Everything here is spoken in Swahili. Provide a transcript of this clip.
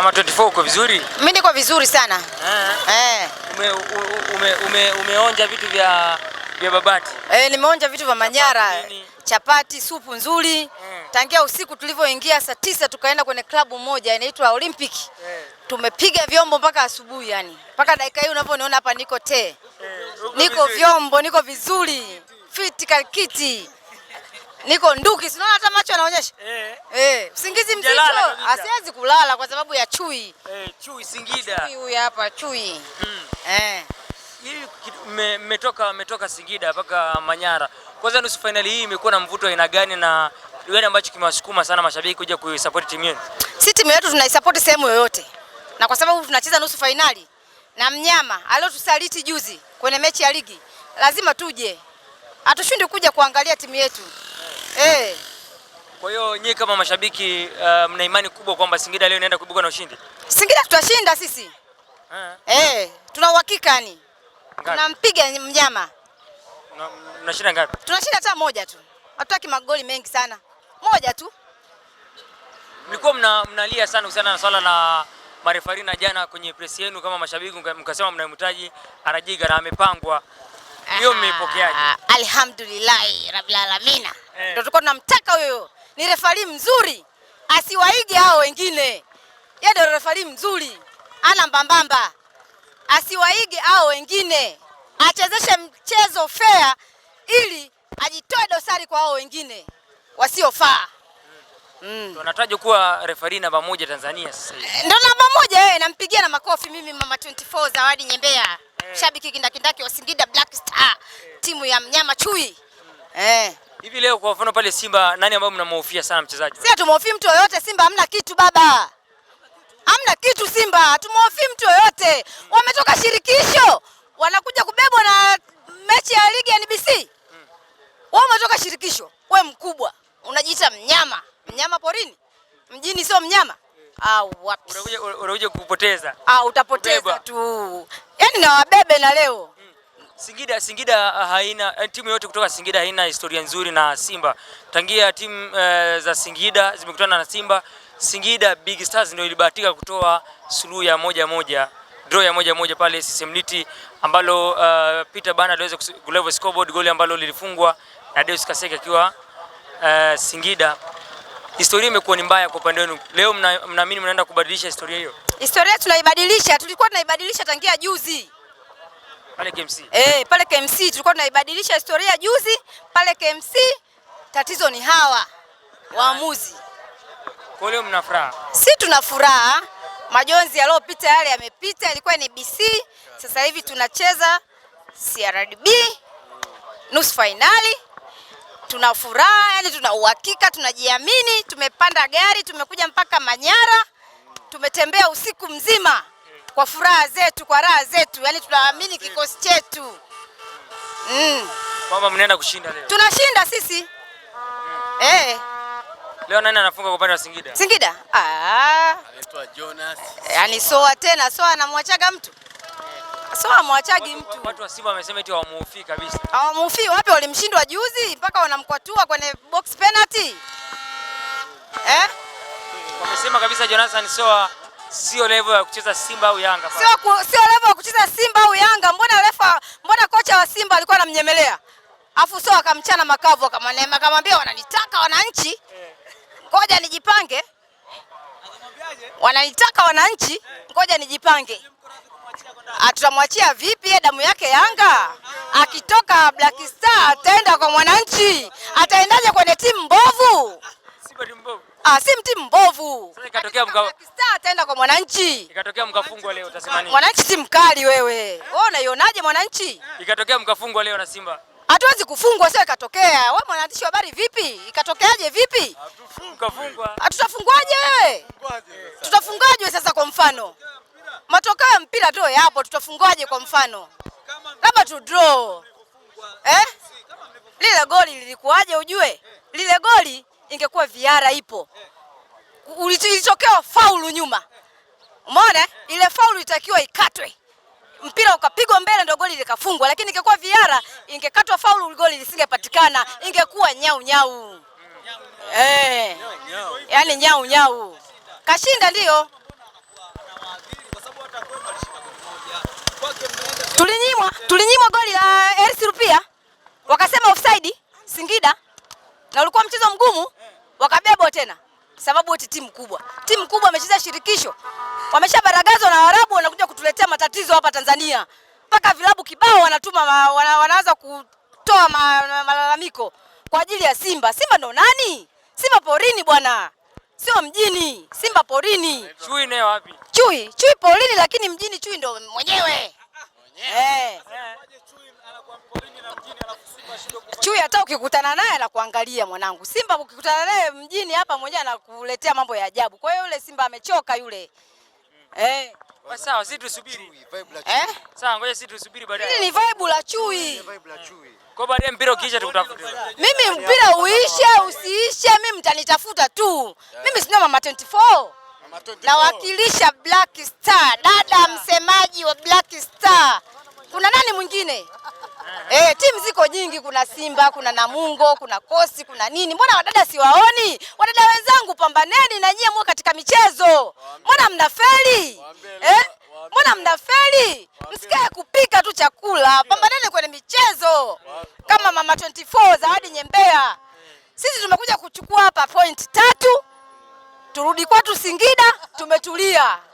Mama 24 uko vizuri? Mimi niko vizuri sana. Eh. eh. Ume, ume, ume, umeonja vitu vya vya Babati. Eh, nimeonja vitu vya Manyara. Chapati, chapati supu nzuri. Mm. Tangia usiku tulivyoingia saa tisa tukaenda kwenye klabu moja inaitwa Olympic. Mm. Tumepiga vyombo mpaka asubuhi yani. Mpaka dakika hii unavyoniona hapa niko te. Mm. Niko vyombo, niko vizuri. Fit kalkiti. Niko nduki, sinaona hata macho anaonyesha Eh. Eh, usingizi mzito. Asiwezi kulala kwa sababu ya chui. Eh, chui Singida. Chui huyu hapa, chui. Mm. Eh. Hii mmetoka mmetoka Singida mpaka Manyara. Kwanza nusu finali hii imekuwa na mvuto aina gani na kitu gani ambacho kimewasukuma sana mashabiki kuja kuisupport timu yenu? Si timu yetu tunaisupport sehemu yoyote. Na kwa sababu tunacheza nusu finali na mnyama aliotusaliti juzi kwenye mechi ya ligi, lazima tuje. Hatushindi kuja kuangalia timu yetu. Eh. Kwa hiyo nyie kama mashabiki uh, mna imani kubwa kwamba Singida leo inaenda kuibuka na ushindi? Singida tutashinda sisi. Eh, eh tuna uhakika yani. Tunampiga mnyama. Mnashinda ngapi? Tunashinda hata moja tu. Hatutaki magoli mengi sana. Moja tu. Mlikuwa mna, mnalia sana husiana na swala la marefari na jana kwenye press yenu kama mashabiki mkasema mnamhitaji Arajiga na amepangwa. Hiyo ah, mmeipokeaje? Alhamdulillah Rabbil Alamin. Eh. Ndio tulikuwa tunamtaka huyo, ni refari mzuri, asiwaige hao wengine. Yeye ndio refari mzuri, ana mbambamba, asiwaige hao wengine, achezeshe mchezo fair ili ajitoe dosari kwa hao wengine wasiofaa. Mm. kuwa refari namba moja Tanzania sasa hivi. Eh, ndio namba moja yeye, nampigia na makofi mimi mama 24 Zawadi Nyembea. Hey. Eh. Shabiki kindakindaki wa Singida Black Star. Hey. Timu ya mnyama chui. Hey. Hivi leo kwa mfano pale Simba nani ambaye mnamhofia sana mchezaji? Sisi hatumhofii mtu yoyote, Simba hamna kitu baba. Hamna kitu Simba, hatumhofii mtu yoyote. Wametoka shirikisho, wanakuja kubebwa na mechi ya ligi ya NBC. Mm. Wao wametoka shirikisho, we mkubwa, unajiita mnyama. Mnyama porini? Mjini sio mnyama. Ah, wapi. Unakuja kupoteza. Ah, utapoteza Beba tu. Yaani na wabebe na leo. Singida Singida ah, haina eh, timu yote kutoka Singida haina historia nzuri na Simba tangia timu e, za Singida zimekutana na Simba. Singida Big Stars ndio ilibahatika kutoa suluhu ya moja moja draw ya moja moja pale Sisemliti ambalo uh, Peter Bana aliweza kuleva scoreboard goli ambalo lilifungwa na Deus Kaseke akiwa uh, Singida. Historia imekuwa ni mbaya kwa upande wenu. Leo mnaamini mna, mnaenda kubadilisha historia hiyo? Historia tunaibadilisha, tulikuwa tunaibadilisha tangia juzi pale KMC. Eh, pale KMC tulikuwa tunaibadilisha historia juzi pale KMC. Tatizo ni hawa waamuzi. Kwa leo mna furaha? Si tuna furaha. Majonzi yaliyopita yale yamepita, ilikuwa ni BC. Sasa hivi tunacheza CRDB nusu fainali. Tuna furaha, yani tuna uhakika, tunajiamini. Tumepanda gari, tumekuja mpaka Manyara, tumetembea usiku mzima kwa furaha zetu, kwa raha zetu, yani tunaamini kikosi chetu mm. kwamba mnaenda kushinda leo. Tunashinda sisi mm. eh. Leo nani anafunga kwa upande wa Singida? Singida? Ah. Anaitwa Jonas. Yaani soa tena, soa anamwachaga mtu soa amwachagi mtu. Watu wa Simba wamesema eti hawamuufi kabisa. Hawamuufi wapi? Walimshindwa juzi mpaka wanamkwatua kwenye box penalty. Eh? Wamesema kabisa Jonathan Soa sio level ya kucheza Simba au Yanga. Sio sio level ya kucheza Simba au Yanga. Mbona refa, mbona kocha wa Simba alikuwa anamnyemelea? Afu sio akamchana makavu akamwambia akamwambia wananitaka wananchi. Eh. Ngoja nijipange. Wananitaka wananchi, eh. ngoja nijipange. atutamwachia ah, vipi? Damu yake Yanga akitoka Black Star ataenda kwa mwananchi, ataendaje kwenye timu mbovu? Ah, si timu mbovu ikatokea mka... ataenda kwa mwananchi, ikatokea mkafungwa leo utasema nini? Mwananchi si mkali wewe, wewe unaionaje mwananchi? Ikatokea mkafungwa leo na Simba, hatuwezi kufungwa. Sio ikatokea wewe, mwananchi wa habari vipi? Ikatokeaje vipi? Mkafungwa. hatutafungwaje wewe? Tutafungwaje sasa? Kwa mfano matokeo ya mpira tu yapo, tutafungwaje? Kwa mfano labda tu draw eh? Lile goli lilikuwaje? Ujue lile goli ingekuwa viara ipo ilitokea faulu nyuma, umeona ile faulu itakiwa ikatwe, mpira ukapigwa mbele ndio goli likafungwa, lakini ingekuwa viara ingekatwa faulu, goli lisingepatikana, ingekuwa nyau nyau. Eh, yaani nyau nyau, kashinda ndiyo tulinyimwa tulinyimwa goli la RC Rupia, wakasema offside Singida, na ulikuwa mchezo mgumu, wakabebwa tena sababu eti timu kubwa, timu kubwa wamecheza shirikisho, wameshabaragazwa na Waarabu, wanakuja kutuletea matatizo hapa Tanzania, mpaka vilabu kibao wanatuma wana, wanaanza kutoa malalamiko ma, malalamiko kwa ajili ya Simba. Simba ndo nani? Simba porini bwana, sio mjini. Simba porini. Chui naye wapi? Chui, chui porini, lakini mjini chui ndo mwenyewe ukikutana naye anakuangalia mwanangu. Simba ukikutana naye mjini hapa mmoja anakuletea mambo ya ajabu. Kwa hiyo yule simba amechoka yule. Eh. Kwa sawa, sisi tusubiri. Eh? Sawa, ngoja sisi tusubiri baadaye. Hili ni vibe la chui. Ni vibe la chui. Kwa baadaye mpira ukiisha tukutafute. Mimi mpira uishe usiishe, mimi mtanitafuta tu. Mimi sina mama 24. Nawakilisha Black Star. Dada msemaji wa Black Star. Kuna nani mwingine? Eh, timu ziko nyingi, kuna Simba, kuna Namungo, kuna Kosi, kuna nini. Mbona wadada siwaoni? Wadada wenzangu, pambaneni na nyie mwe katika michezo. Mbona mnafeli? Eh? Mbona mnafeli? Msikae kupika tu chakula, pambaneni kwenye michezo. Kama Mama 24 Zawadi Nyembea, sisi tumekuja kuchukua hapa point tatu, turudi kwetu Singida, tumetulia.